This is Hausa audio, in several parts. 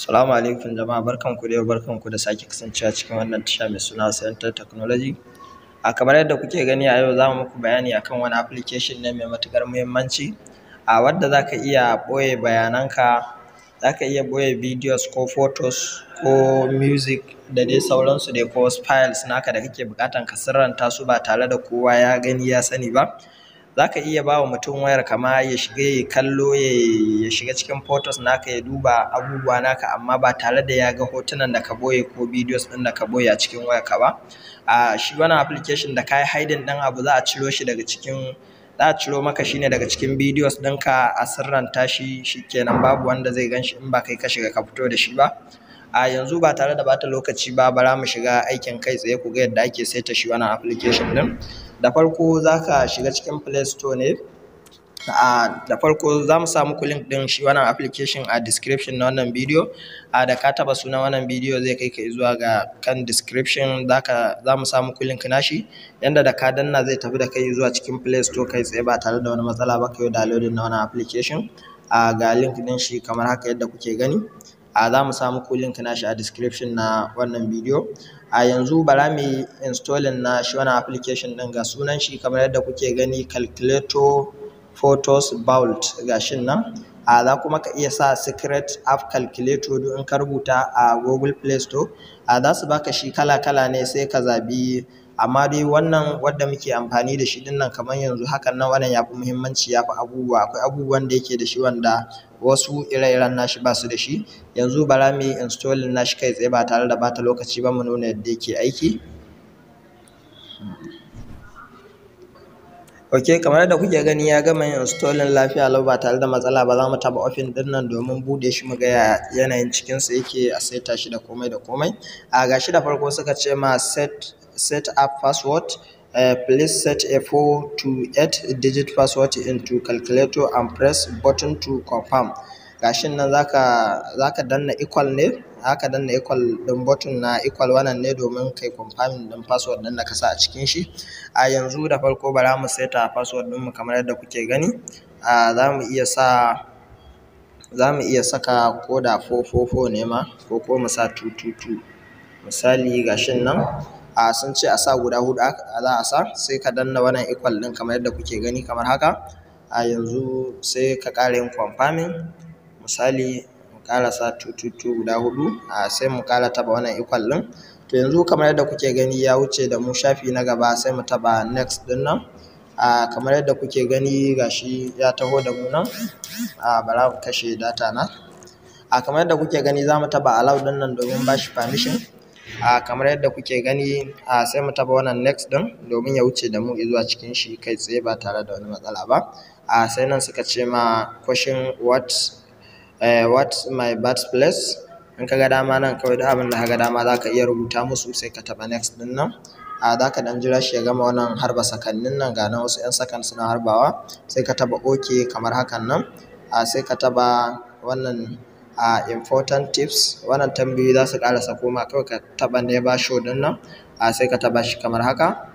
Assalamu alaikum jama'a barkanku da yau barkanku da sake kasancewa cikin wannan tasha mai suna Center Technology. A kamar yadda kuke gani a yau za mu muku bayani akan wani application ne mai matukar muhimmanci a wadda za iya ɓoye bayananka za ka iya boye videos ko photos ko music da dai sauransu dai ko files naka da kake bukatan ka sirranta su ba tare da kowa ya gani ya sani ba. za ka iya ba wa mutum wayar kama ya shiga ya kallo ya shiga cikin photos naka ya duba abubuwa naka amma ba tare da ya ga hotunan da ka boye ko videos ɗin da ka boye a cikin wayar ka ba a shi wannan application da ka yi hiding ɗin abu za a ciro shi daga cikin za a ciro maka shine daga cikin videos ɗinka a sirranta shi shikenan babu wanda zai ganshi in ba kai ka shiga ka fito da shi ba a yanzu ba tare da bata lokaci ba bara mu shiga aikin kai tsaye ku ga yadda ake saita shi wannan application din. da farko za ka shiga cikin play store ne a da farko za mu samu link ɗin shi wannan application a description na wannan bidiyo a da ka taba sunan wannan bidiyo zai kai ka zuwa ga kan description za mu samu muku link nashi yanda da ka danna zai tafi da kai zuwa cikin play store kai tsaye ba tare da wani matsala ba kai downloading na wannan application a ga link ɗin shi kamar haka yadda kuke gani a za mu samu kulin link nashi a description na wannan bidiyo a yanzu bara mu na shi wannan application ɗin ga sunan shi kamar yadda kuke gani calculator photos Bolt ga shi nan a za kuma ka iya sa secret app calculator in ka rubuta a google play store a za su baka shi kala kala ne sai ka zabi amma dai wannan wadda muke amfani da shi dinnan kamar yanzu hakan nan wannan yafi muhimmanci yafi abubuwa akwai abubuwan da yake da shi wanda wasu ire-iren nashi ba su da shi yanzu bara mu yi installing nashi kai tsaye ba tare da bata lokaci ba mu nuna yadda yake aiki ok kamar yadda kuke gani ya gama yin installing lafiya lau ba tare da matsala ba za mu taɓa ofin ɗinnan nan domin buɗe shi mu ga yanayin yanayin sa yake a saita shi da komai da komai a gashi da farko suka ce ma set set up password Uh, please set a 4 to 8 digit password into calculator and press button to confirm. gashin nan zaka zaka danna equal ne ka danna equal din button na equal wannan ne domin kai confirming din password din da ka sa a cikin shi a yanzu da farko bara mu seta password din mu kamar yadda kuke gani a za mu iya sa za iya saka ko da 444 ne ma ko ko mu sa 222 misali gashin nan a sun ce a sa guda hudu a za a sa sai ka danna wannan equal din kamar yadda kuke gani kamar haka a yanzu sai ka ƙara yin confirming misali mu karasa tututu guda hudu a sai mu ƙara taba wannan equal din to yanzu kamar yadda kuke gani ya wuce da mu shafi na gaba sai mu taba next din nan a kamar yadda kuke gani gashi ya taho da mu nan a bara ku kashe data na a kamar yadda kuke gani za mu taba allow din nan domin ba shi permission a kamar yadda kuke gani a sai mu taba wannan next din domin ya wuce da mu zuwa cikin shi kai tsaye ba tare da wani matsala ba a sai nan suka ce ma question what Eh, what's my birthplace in ka ga dama nan kawai da abin da ka ga dama zaka iya rubuta musu sai ka taba next din nan a zaka dan jira shi ya gama wannan harba sakannin nan ga nan wasu 'yan sakan suna harbawa sai ka taba ok kamar hakan nan a sai ka taba wannan a important tips wannan tambayoyi za su ƙara sako ma kawai ka taba ne ba show din nan a sai ka taba shi kamar haka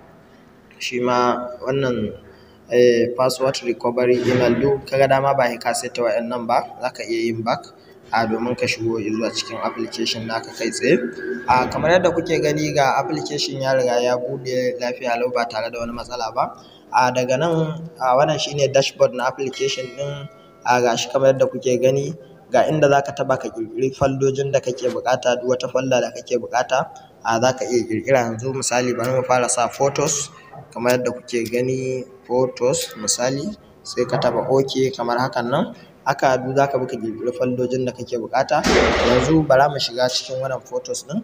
shi ma wannan Eh, password recovery email duk kaga dama ba ka seta wayannan ba zaka iya yin back a domin ka shigo zuwa cikin application naka kai tsaye a kamar yadda kuke gani ga application ya riga ya bude lafiya lau ba tare da wani matsala ba a daga nan a wannan shine dashboard na application din a gashi kamar yadda kuke gani ga inda zaka taba ka kirkiri faldojin da kake bukata duk wata falla da kake bukata a zaka iya kirkira yanzu misali bari mu fara sa photos kamar yadda kuke gani photos misali sai ka taɓa ok kamar hakan nan haka duk za ka bi ka ƙirƙiri fallojin da kake buƙata yanzu bara mu shiga cikin wannan photos ɗin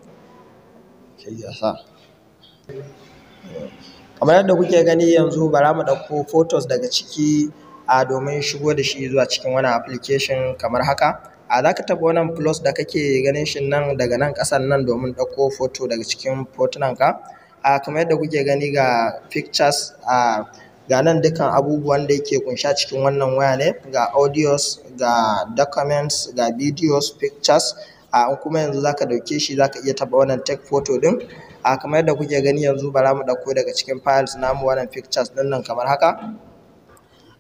kamar yadda kuke gani yanzu bara mu ɗauko photos daga ciki a domin shigo da shi zuwa cikin wannan application kamar haka a za ka taɓa wannan plus da kake ganin shi nan daga nan ƙasan nan domin ɗauko photo daga cikin fotunanka a kamar yadda kuke gani ga pictures a ga nan dukkan abubuwan da yake kunsha cikin wannan waya ne ga audios ga documents ga videos pictures a kuma yanzu zaka dauke shi zaka iya taba wannan tech photo din a kamar yadda kuke gani yanzu bara mu dauko daga cikin files namu wannan pictures din nan kamar haka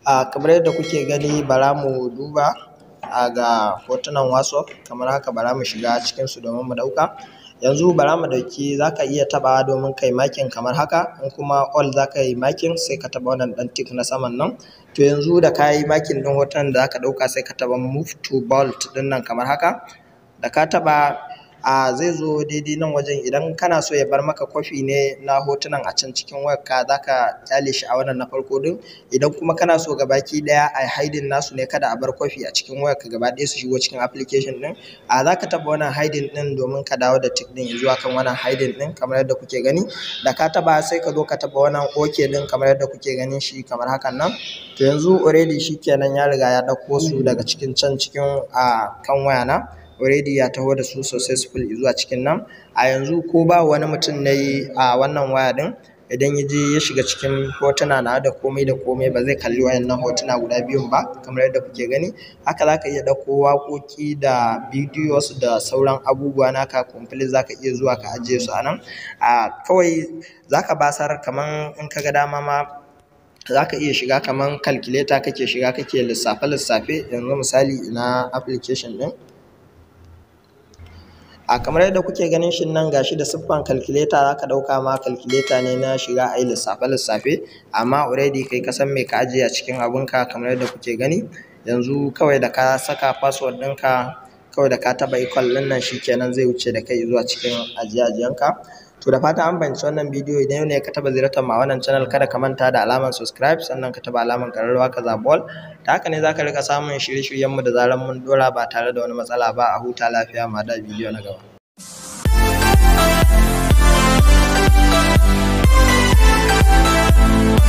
a kamar yadda kuke gani bara mu duba a ga hotunan whatsapp kamar haka bara mu shiga cikin su domin mu dauka yanzu bara mu dauki za ka iya taɓawa domin kai makin kamar haka in kuma all za ka yi makin sai ka taɓa wannan ɗan tik na saman nan to yanzu da ka yi makin ɗin hoton da za ka ɗauka sai ka taɓa move to bolt ɗin nan kamar haka da ka taɓa a zai zo daidai nan wajen idan kana so ya bar maka kwafi ne na hotunan a can cikin wayarka za ka kyale shi a wannan na farko din idan kuma kana so baki daya a haidin nasu ne kada a bar kwafi a cikin wayarka gaba daya su shigo cikin application din a za ka taba wannan haidin din domin ka dawo da tick din zuwa kan wannan haidin din kamar yadda kuke gani da ka taba sai ka zo ka taba wannan ok din kamar yadda kuke ganin shi kamar hakan nan to yanzu already shikenan ya riga ya dauko su daga cikin can cikin a kan na. already ya taho da su successful zuwa cikin nan a yanzu ko ba wani mutum na yi a wannan waya din idan ya je ya shiga cikin hotuna na da komai da komai ba zai kalli wayannan hotuna guda biyun ba kamar yadda kuke gani haka zaka iya ɗauko waƙoƙi da videos da sauran abubuwa naka complete zaka iya zuwa ka ajiye su anan nan a kawai zaka basar kaman in ka ga dama ma za ka iya shiga kaman calculator kake shiga kake lissafe-lissafe yanzu misali ina application din. a kamar yadda kuke ganin shi nan gashi da siffan calculator ka ɗauka ma calculator ne na shiga ayi lissafe lissafe amma already kai ka san me ka ajiye a cikin ka kamar yadda kuke gani yanzu kawai da ka saka password ɗinka kawai da ka taba equal ɗin nan shikenan zai wuce da kai zuwa cikin ajiye ka. To da fata an fahimci wannan bidiyo idan yau ne ka taba ziyartar ma wannan channel kada ka manta da alamar subscribe sannan ka taba alamar kararrawa ka zaɓi all. Ta haka ne za ka rika samun shirye-shiryenmu da zarar mun dora ba tare da wani matsala ba a huta lafiya ma da bidiyo na gaba.